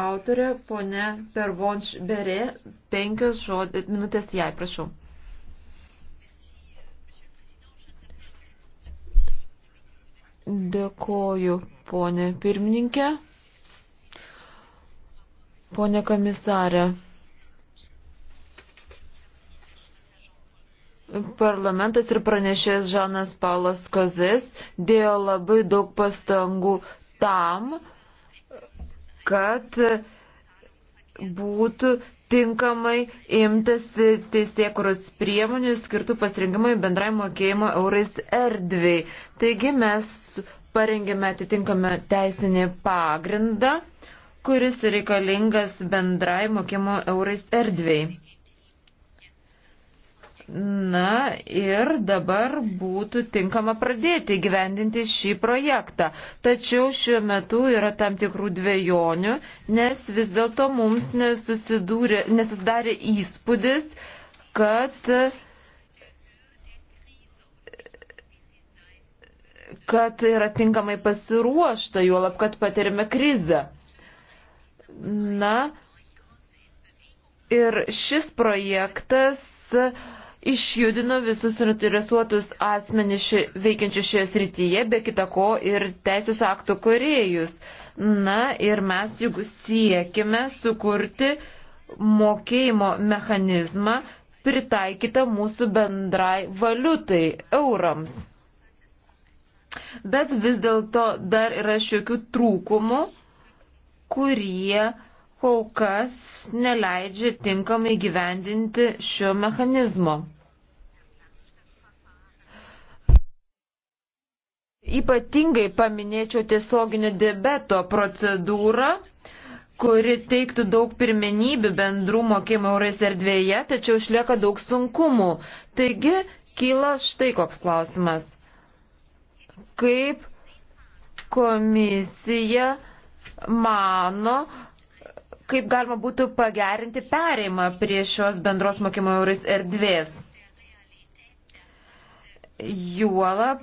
autorė, ponė Pervonš Berė, penkios žodė, minutės jai, prašau. Dėkoju, ponė pirmininkė. Ponė komisarė. Parlamentas ir pranešės Žanas Paulas Kozės dėjo labai daug pastangų tam, kad būtų tinkamai imtasi teisėkuros priemonių skirtų pasirinkimui bendrai mokėjimo eurais erdviai. Taigi mes parengėme atitinkamą teisinį pagrindą, kuris reikalingas bendrai mokėjimo eurais erdviai. Na ir dabar būtų tinkama pradėti gyvendinti šį projektą. Tačiau šiuo metu yra tam tikrų dviejonių, nes vis dėlto mums nesusidarė įspūdis, kad kad yra tinkamai pasiruošta, juolab, kad patirime krizę. Na, ir šis projektas uh, išjudino visus suinteresuotus asmenys ši, veikiančius šioje srityje, be kita ko ir teisės aktų kuriejus. Na ir mes juk siekime sukurti mokėjimo mechanizmą pritaikytą mūsų bendrai valiutai - eurams. Bet vis dėlto dar yra šiokių trūkumų, kurie kol kas neleidžia tinkamai gyvendinti šio mechanizmo. Ypatingai paminėčiau tiesioginio debeto procedūrą, kuri teiktų daug pirmenybių bendrų mokėjimo eurais erdvėje, tačiau išlieka daug sunkumų. Taigi, kyla štai koks klausimas. Kaip komisija mano, kaip galima būtų pagerinti pereimą prie šios bendros mokymo eurais erdvės. Juolab,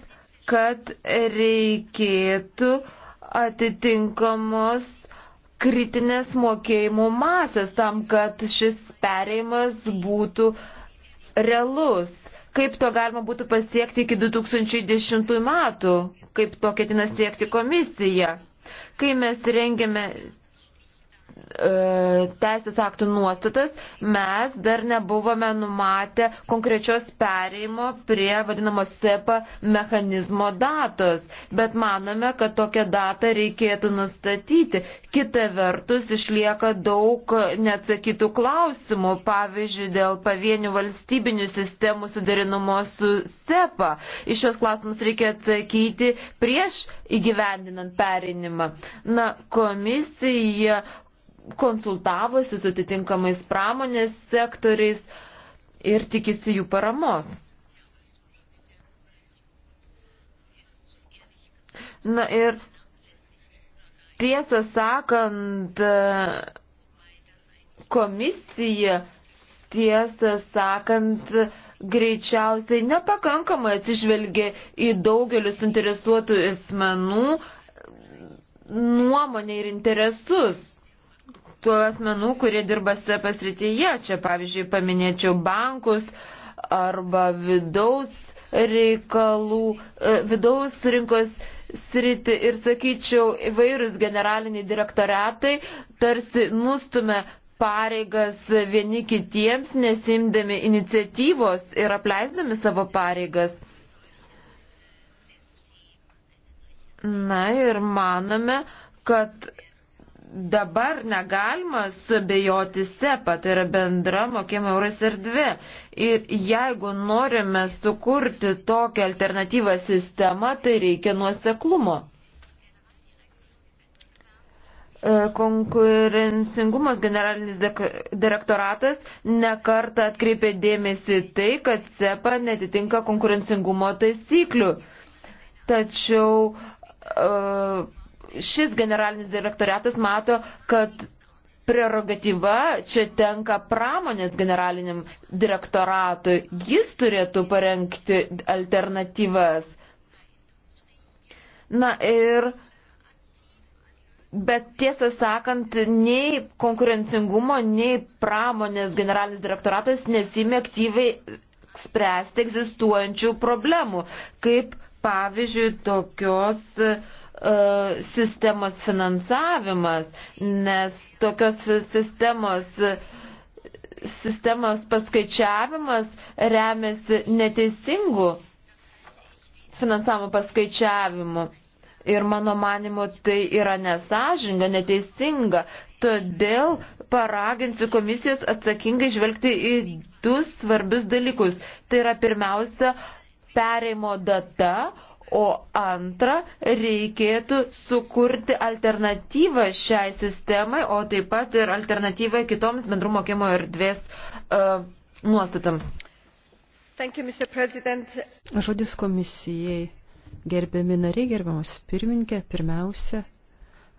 kad reikėtų atitinkamos kritinės mokėjimų masės tam, kad šis pereimas būtų realus. Kaip to galima būtų pasiekti iki 2010 metų, kaip to ketina siekti komisija. Kai mes rengėme E, teisės aktų nuostatas, mes dar nebuvome numatę konkrečios pereimo prie vadinamo SEPA mechanizmo datos, bet manome, kad tokią datą reikėtų nustatyti. Kita vertus, išlieka daug neatsakytų klausimų, pavyzdžiui, dėl pavienių valstybinių sistemų suderinumo su SEPA. Iš šios klausimus reikia atsakyti prieš įgyvendinant perinimą. Na, komisija konsultavosi su atitinkamais pramonės sektoriais ir tikisi jų paramos. Na ir tiesą sakant, komisija, tiesą sakant, greičiausiai nepakankamai atsižvelgia į daugelį suinteresuotų asmenų nuomonę ir interesus tų asmenų, kurie dirba SEPA srityje. Čia, pavyzdžiui, paminėčiau bankus arba vidaus reikalų, e, vidaus rinkos sritį ir, sakyčiau, įvairius generaliniai direktoriatai tarsi nustumė pareigas vieni kitiems, nesimdami iniciatyvos ir apleisdami savo pareigas. Na ir manome, kad dabar negalima subejoti SEPA, tai yra bendra mokėjimo euras erdvė. Ir jeigu norime sukurti tokią alternatyvą sistemą, tai reikia nuoseklumo. E, Konkurencingumos generalinis direktoratas nekarta atkreipė dėmesį tai, kad SEPA netitinka konkurencingumo taisyklių. Tačiau uh, šis generalinis direktoriatas mato, kad prerogatyva čia tenka pramonės generaliniam direktoratui. Jis turėtų parengti alternatyvas. Na ir Bet tiesą sakant, nei konkurencingumo, nei pramonės generalinis direktoratas nesime aktyviai spręsti egzistuojančių problemų, kaip pavyzdžiui, tokios uh, sistemos finansavimas, nes tokios sistemos sistemos paskaičiavimas remiasi neteisingu finansavimo paskaičiavimu. Ir mano manimu, tai yra nesažinga, neteisinga. Todėl paraginsiu komisijos atsakingai žvelgti į du svarbius dalykus. Tai yra pirmiausia, uh, pereimo data, o antra, reikėtų sukurti alternatyvą šiai sistemai, o taip pat ir alternatyvą kitoms bendrų mokymo erdvės uh, nuostatams. Thank you, Mr. President. Žodis komisijai. Gerbiami nariai, gerbiamas pirmininkė, pirmiausia,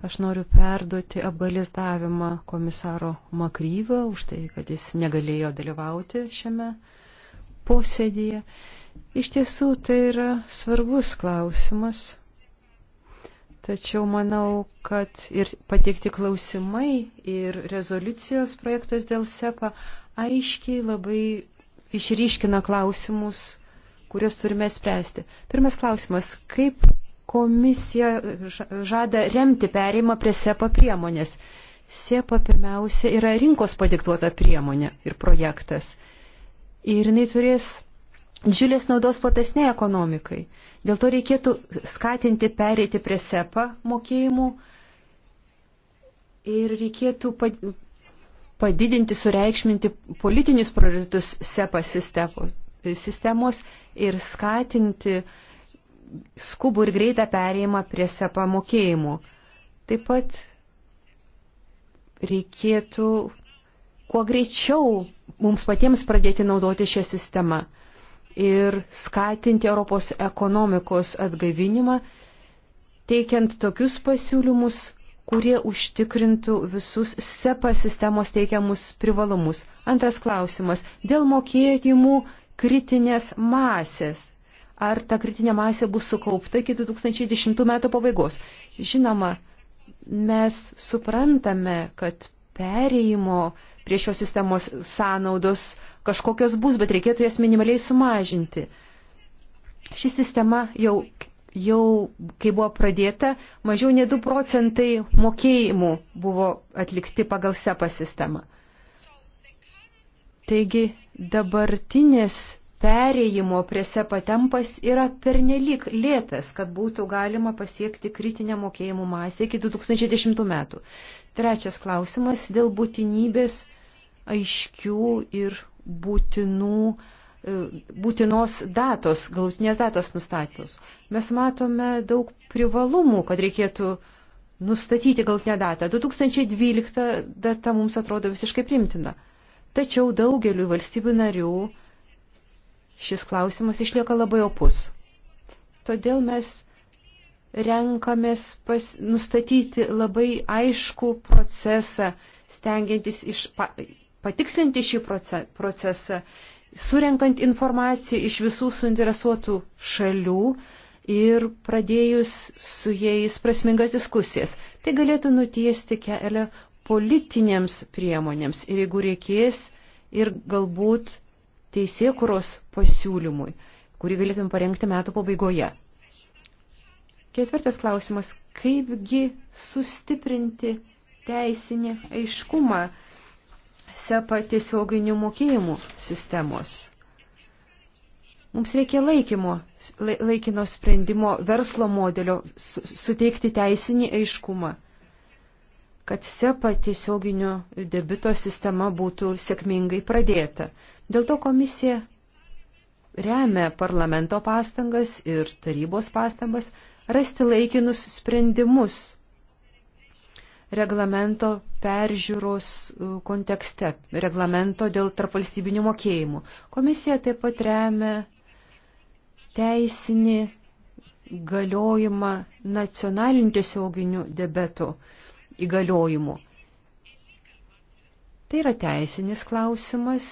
Aš noriu perduoti apgalizdavimą komisaro Makryvą už tai, kad jis negalėjo dalyvauti šiame posėdėje. Iš tiesų tai yra svarbus klausimas, tačiau manau, kad ir pateikti klausimai ir rezoliucijos projektas dėl SEPA aiškiai labai išryškina klausimus, kuriuos turime spręsti. Pirmas klausimas, kaip komisija žada remti pereimą prie SEPA priemonės. SEPA pirmiausia yra rinkos padiktuota priemonė ir projektas. Ir jinai turės didžiulės naudos platesnė ekonomikai. Dėl to reikėtų skatinti pereiti prie SEPA mokėjimų ir reikėtų padidinti, sureikšminti politinius prioritetus SEPA sistemos ir skatinti skubų ir greitą perėjimą prie SEPA mokėjimų. Taip pat reikėtų kuo greičiau mums patiems pradėti naudoti šią sistemą ir skatinti Europos ekonomikos atgaivinimą, teikiant tokius pasiūlymus, kurie užtikrintų visus SEPA sistemos teikiamus privalumus. Antras klausimas - dėl mokėjimų kritinės masės. Ar ta kritinė masė bus sukaupta iki 2010 metų pabaigos? Žinoma, mes suprantame, kad perėjimo prie šios sistemos sąnaudos uh, kažkokios bus, bet reikėtų jas minimaliai sumažinti. Ši sistema jau, jau kai buvo pradėta, mažiau nei 2 procentai mokėjimų buvo atlikti pagal SEPA sistemą. Taigi dabartinės perėjimo prie SEPA tempas yra pernelyg lėtas, kad būtų galima pasiekti kritinę mokėjimų masę iki 2010 metų. Trečias klausimas dėl būtinybės aiškių ir būtinų, e, būtinos datos, galutinės datos nustatytos. Mes matome daug privalumų, kad reikėtų nustatyti galutinę datą. 2012 data mums atrodo visiškai primtina. Tačiau daugeliu valstybių narių šis klausimas išlieka labai opus. Todėl mes renkamės pas, nustatyti labai aišku procesą, stengiantis iš, pa, patikslinti šį procesą, surenkant informaciją iš visų suinteresuotų šalių ir pradėjus su jais prasmingas diskusijas. Tai galėtų nutiesti kelią politinėms priemonėms ir jeigu reikės ir galbūt teisėkuros pasiūlymui, kurį galėtum parengti metų pabaigoje. Ketvirtas klausimas. Kaipgi sustiprinti teisinį aiškumą SEPA tiesioginių mokėjimų sistemos. Mums reikia laikymo, laikino sprendimo verslo modelio su, suteikti teisinį aiškumą, kad SEPA tiesioginio debito sistema būtų sėkmingai pradėta. Dėl to komisija remia parlamento pastangas ir tarybos pastangas rasti laikinus sprendimus reglamento peržiūros e, kontekste, reglamento dėl tarpvalstybinių mokėjimų. Komisija taip pat remia teisinį galiojimą nacionalinių tiesioginių debetų įgaliojimų. Tai yra teisinis klausimas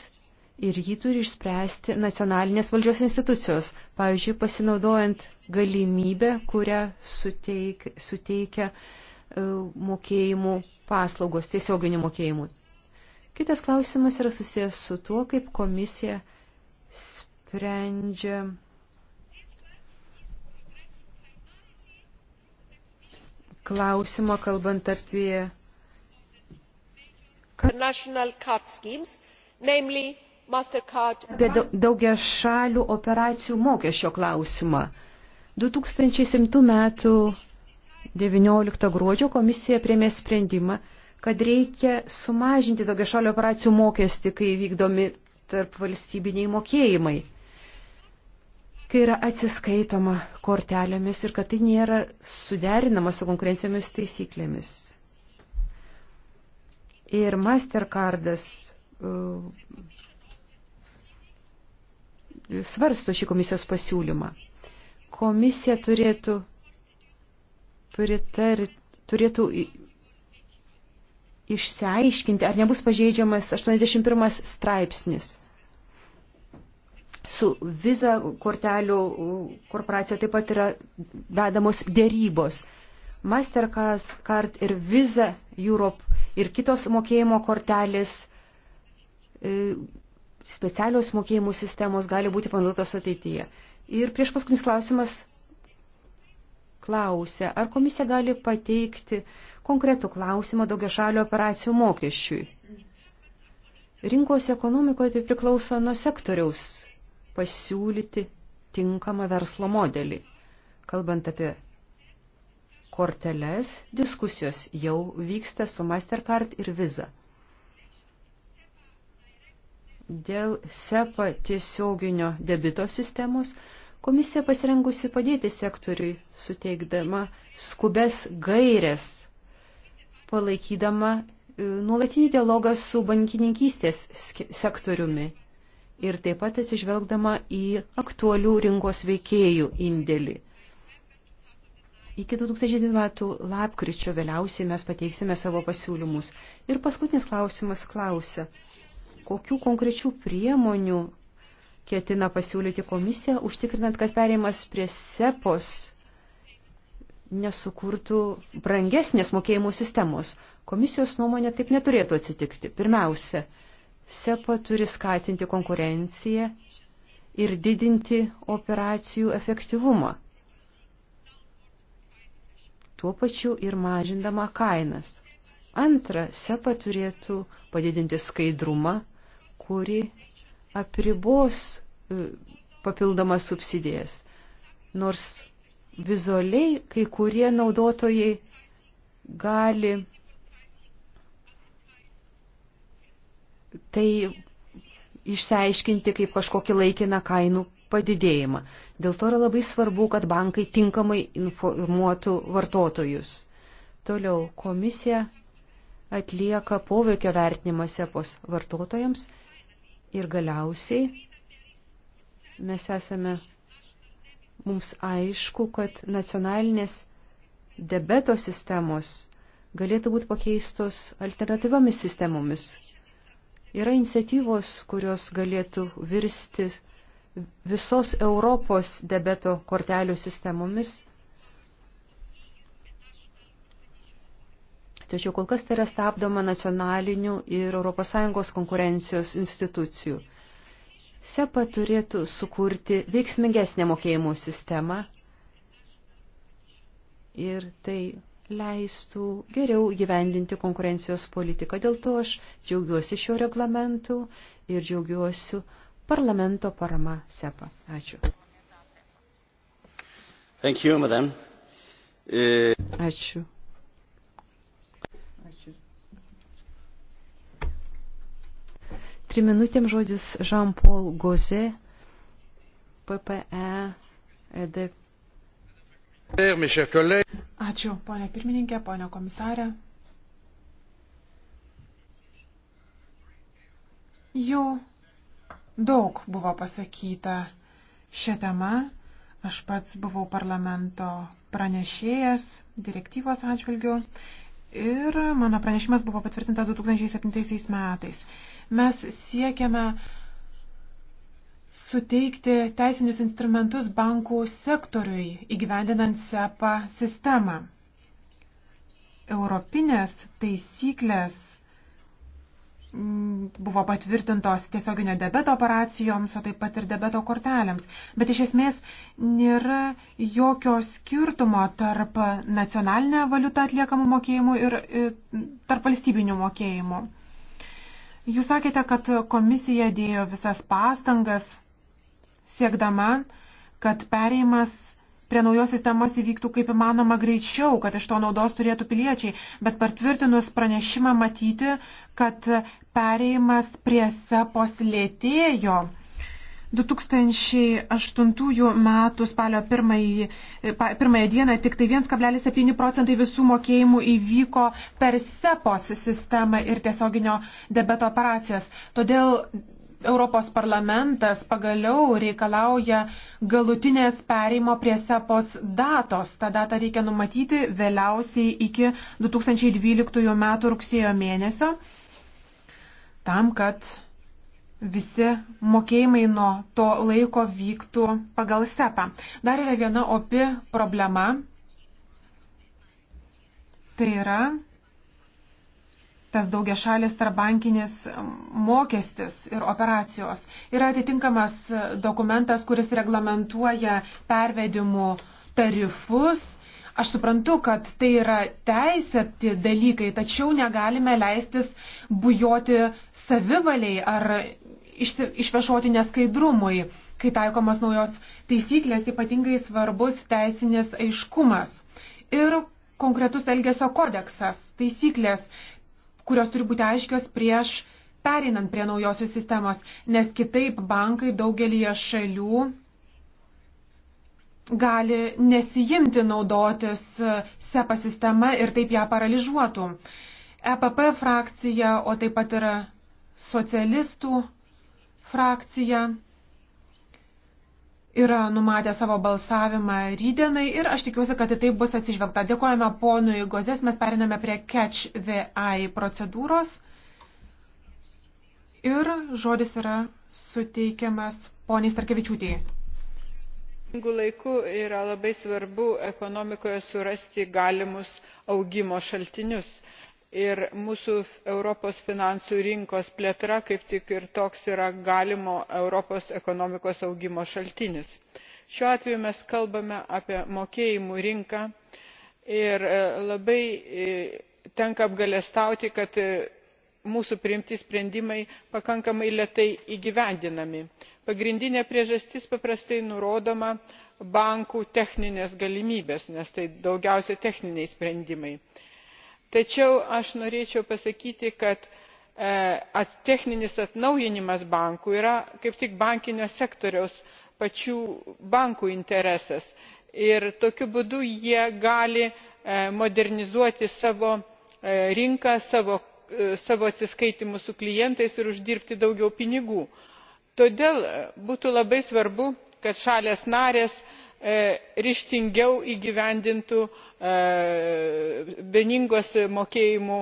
ir jį turi išspręsti nacionalinės valdžios institucijos, pavyzdžiui, pasinaudojant galimybę, kurią suteik, suteikia, suteikia E, mokėjimų paslaugos, tiesioginių mokėjimų. Kitas klausimas yra susijęs su tuo, kaip komisija sprendžia klausimą, kalbant apie apie daugia šalių operacijų mokesčio klausimą. 2007 metų 19 gruodžio komisija priemė sprendimą, kad reikia sumažinti daugia šalio operacijų mokestį, kai vykdomi tarp valstybiniai mokėjimai, kai yra atsiskaitoma kortelėmis ir kad tai nėra suderinama su konkurencijomis taisyklėmis. Ir Mastercardas uh, svarsto šį komisijos pasiūlymą. Komisija turėtų pritar, turėtų išsiaiškinti, ar nebus pažeidžiamas 81 straipsnis. Su viza kortelių korporacija taip pat yra vedamos dėrybos. Mastercard ir Visa Europe ir kitos mokėjimo kortelės, e, specialios mokėjimų sistemos gali būti panaudotos ateityje. Ir prieš paskutinis klausimas klausia, ar komisija gali pateikti konkretų klausimą daugiašalio operacijų mokesčiui. Rinkos ekonomikoje tai priklauso nuo sektoriaus pasiūlyti tinkamą verslo modelį. Kalbant apie korteles, diskusijos jau vyksta su Mastercard ir Visa. Dėl SEPA tiesioginio debito sistemos – Komisija pasirengusi padėti sektoriui, suteikdama skubes gairės, palaikydama e, nuolatinį dialogą su bankininkystės sektoriumi ir taip pat atsižvelgdama į aktualių rinkos veikėjų indėlį. Iki 2002 metų lapkričio vėliausiai mes pateiksime savo pasiūlymus. Ir paskutinis klausimas klausia, kokių konkrečių priemonių ketina pasiūlyti komisija, užtikrinant, kad perėjimas prie SEPOS nesukurtų brangesnės mokėjimų sistemos. Komisijos nuomonė taip neturėtų atsitikti. Pirmiausia, SEPA turi skatinti konkurenciją ir didinti operacijų efektyvumą. Tuo pačiu ir mažindama kainas. Antra, SEPA turėtų padidinti skaidrumą, kuri apribos e, papildomas subsidijas, nors vizualiai kai kurie naudotojai gali tai išsiaiškinti kaip kažkokį laikiną kainų padidėjimą. Dėl to yra labai svarbu, kad bankai tinkamai informuotų vartotojus. Toliau komisija atlieka poveikio vertinimas EPOS vartotojams Ir galiausiai mes esame, mums aišku, kad nacionalinės debeto sistemos galėtų būti pakeistos alternatyvomis sistemomis. Yra iniciatyvos, kurios galėtų virsti visos Europos debeto kortelių sistemomis Tačiau kol kas tai yra stabdoma nacionalinių ir ES konkurencijos institucijų. SEPA turėtų sukurti veiksmingesnę mokėjimų sistemą ir tai leistų geriau gyvendinti konkurencijos politiką. Dėl to aš džiaugiuosi šiuo reglamentu ir džiaugiuosi parlamento parama SEPA. Ačiū. Thank you, madam. E... Ačiū. Triminutėm žodis Jean-Paul Gauze, PPE, ED. Ačiū, ponė pirmininkė, ponė komisarė. Jau daug buvo pasakyta šią temą. Aš pats buvau parlamento pranešėjas direktyvos atžvilgiu ir mano pranešimas buvo patvirtintas 2007 metais. Mes siekiame suteikti teisinius instrumentus bankų sektoriui įgyvendinant SEPA sistemą. Europinės taisyklės Mm, buvo patvirtintos tiesioginio debeto operacijoms, o taip pat ir debeto kortelėms. Bet iš esmės nėra jokio skirtumo tarp nacionalinę valiutą atliekamų mokėjimų ir tarp valstybinių mokėjimų. Jūs sakėte, kad komisija dėjo visas pastangas siekdama, kad pereimas prie naujos sistemos įvyktų kaip įmanoma greičiau, kad iš to naudos turėtų piliečiai, bet patvirtinus pranešimą matyti, kad pereimas prie sepos e lėtėjo. 2008 metų spalio pirmąjį, pirmąją dieną tik tai 1,7 procentai visų mokėjimų įvyko per SEPOS e sistemą ir tiesioginio debeto operacijas. Todėl Europos parlamentas pagaliau reikalauja galutinės pereimo prie sepos e datos. Ta data reikia numatyti vėliausiai iki 2012 m. rugsėjo mėnesio, tam, kad visi mokėjimai nuo to laiko vyktų pagal sepą. Dar yra viena opi problema. Tai yra tas daugiašalis tarbankinis mokestis ir operacijos. Yra atitinkamas dokumentas, kuris reglamentuoja pervedimų tarifus. Aš suprantu, kad tai yra teisėti dalykai, tačiau negalime leistis bujoti savivaliai ar išvešoti neskaidrumui, kai taikomas naujos taisyklės, ypatingai svarbus teisinis aiškumas. Ir konkretus elgesio kodeksas, taisyklės, kurios turi būti aiškios prieš pereinant prie naujosios sistemos, nes kitaip bankai daugelį šalių gali nesijimti naudotis e, SEPA sistema ir taip ją paralyžuotų. EPP frakcija, o taip pat yra socialistų frakcija yra numatę savo balsavimą rydienai ir aš tikiuosi, kad į tai bus atsižvelgta. Dėkojame ponui Gozės, mes periname prie Catch the Eye procedūros ir žodis yra suteikiamas poniai Starkevičiūtėje sudėtingu laiku yra labai svarbu ekonomikoje surasti galimus augimo šaltinius ir mūsų europos finansų rinkos plėtra kaip tik ir toks yra galimo europos ekonomikos augimo šaltinis. šiuo atveju mes kalbame apie mokėjimų rinką ir e, labai e, tenka apgailestauti kad e, mūsų priimti sprendimai pakankamai lėtai įgyvendinami. pagrindinė priežastis paprastai nurodoma bankų techninės galimybės nes tai daugiausia techniniai sprendimai tačiau aš norėčiau pasakyti kad e, techninis atnaujinimas bankų yra kaip tik bankinio sektoriaus pačių bankų interesas ir tokiu būdu jie gali e, modernizuoti savo e, rinką savo atsiskaitymus su klientais ir uždirbti daugiau pinigų. todėl būtų labai svarbu kad šalys narės E, ryžtingiau įgyvendintų e, vieningos mokėjimų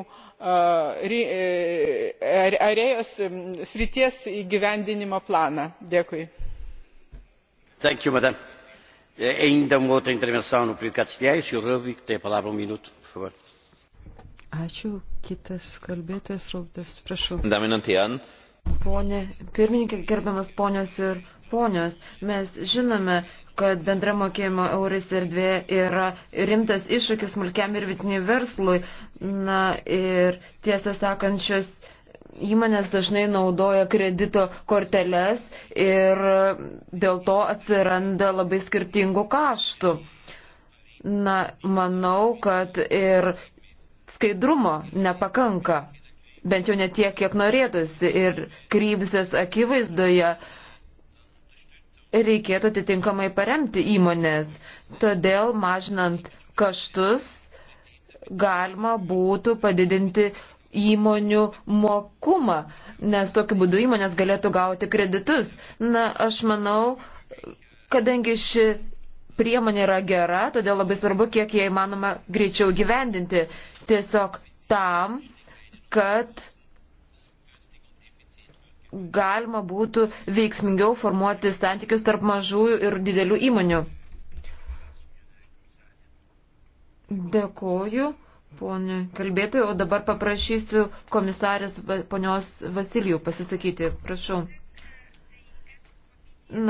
erdvės e, srities įgyvendinimo planą. dėkui. Um um Ačiū. Kitas kalbėtojas, Raudas, prašau. Pone pirmininkė, gerbiamas ponios ir ponios, mes žinome, kad bendra mokėjimo eurais erdvė yra rimtas iššūkis smulkiam ir vidiniui verslui. Na ir tiesą sakančios. Įmonės dažnai naudoja kredito korteles ir dėl to atsiranda labai skirtingų kaštų. Na, manau, kad ir skaidrumo nepakanka, bent jau ne tiek, kiek norėtųsi. Ir krybsės akivaizdoje uh, reikėtų atitinkamai paremti įmonės. Todėl mažinant kaštus galima būtų padidinti įmonių mokumą, nes tokiu būdu įmonės galėtų gauti kreditus. Na, aš manau, kadangi ši priemonė yra gera, todėl labai svarbu, kiek ją įmanoma greičiau gyvendinti. Tiesiog tam, kad galima būtų veiksmingiau formuoti santykius tarp mažųjų ir didelių įmonių. Dėkoju, ponė kalbėtojai, o dabar paprašysiu komisarės ponios Vasilijų pasisakyti. Prašau.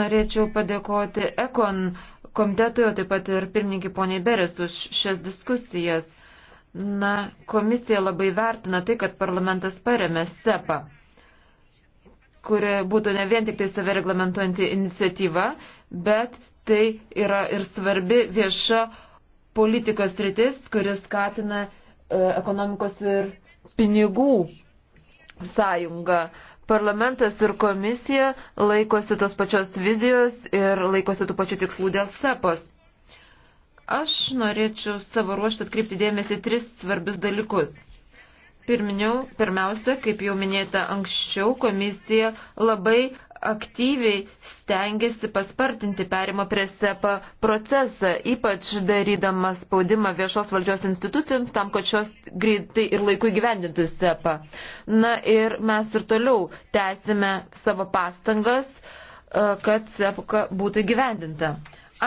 Norėčiau padėkoti Ekon komitetui, o taip pat ir pirmininkį poniai Beres už šias diskusijas. Na, komisija labai vertina tai, kad parlamentas paremė SEPA kuri būtų ne vien tik tai save reglamentuojanti iniciatyva, bet tai yra ir svarbi vieša politikos rytis, kuris skatina e, ekonomikos ir pinigų sąjungą. Parlamentas ir komisija laikosi tos pačios vizijos ir laikosi tų pačių tikslų dėl SEPOS. E Aš norėčiau savo ruoštą atkreipti dėmesį tris svarbius dalykus. Pirminiau, pirmiausia, kaip jau minėta anksčiau, komisija labai aktyviai stengiasi paspartinti perimo prie SEPA procesą, ypač darydama spaudimą viešos valdžios institucijoms tam, kad šios greitai ir laiku gyvendintų SEPA. Na ir mes ir toliau tęsime savo pastangas, e, kad SEPA būtų gyvendinta.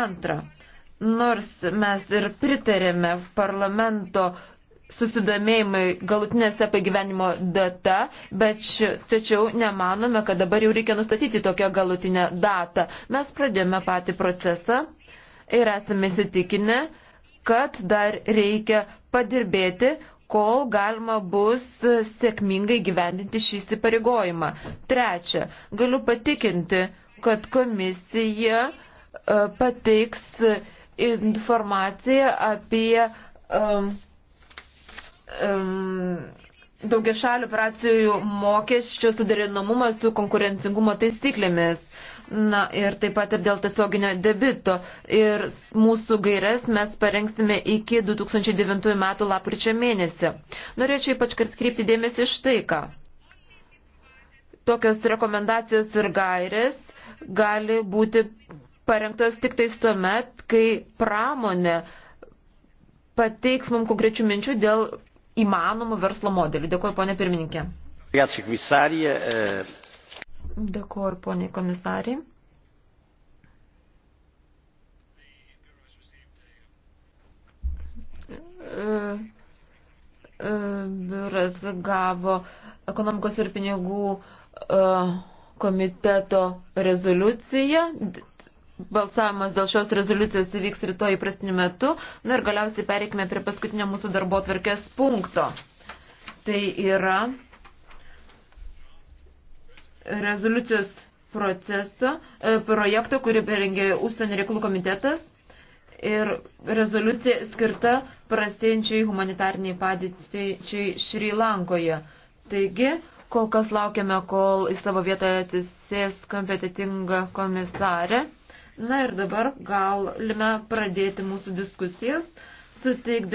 Antra. Nors mes ir pritarėme parlamento susidomėjimai galutinėse pagyvenimo data, bet ši, tačiau nemanome, kad dabar jau reikia nustatyti tokią galutinę datą. Mes pradėjome patį procesą ir esame įsitikinę, kad dar reikia padirbėti, kol galima bus sėkmingai gyvendinti šį įsipareigojimą. Trečia, galiu patikinti, kad komisija e, pateiks informaciją apie um, um, daugia šalių operacijų mokesčio suderinamumas su konkurencingumo taisyklėmis. Na ir taip pat ir dėl tiesioginio debito. Ir mūsų gairias mes parengsime iki 2009 metų lapkričio mėnesį. Norėčiau ypač kart kreipti dėmesį iš tai, ką. Tokios rekomendacijos ir gairės gali būti parengtos tik tais tuo met, kai pramonė pateiks mums konkrečių minčių dėl įmanomų verslo modelių. Dėkuoju, ponė pirmininkė. E- Dėkuoju, ponė komisarė. E- e- biuras gavo ekonomikos ir pinigų komiteto rezoliuciją Balsavimas dėl šios rezoliucijos įvyks rytoj įprastiniu metu. Na ir galiausiai pereikime prie paskutinio mūsų darbo tvarkės punkto. Tai yra rezoliucijos proceso, e, projekto, kurį perengė Užsienio reikalų komitetas ir rezoliucija skirta prastėjančiai humanitarniai padėčiai Šri Lankoje. Taigi, kol kas laukiame, kol į savo vietą atsisės kompetitinga komisarė. Na ir dabar galime pradėti mūsų diskusijas, suteikdami.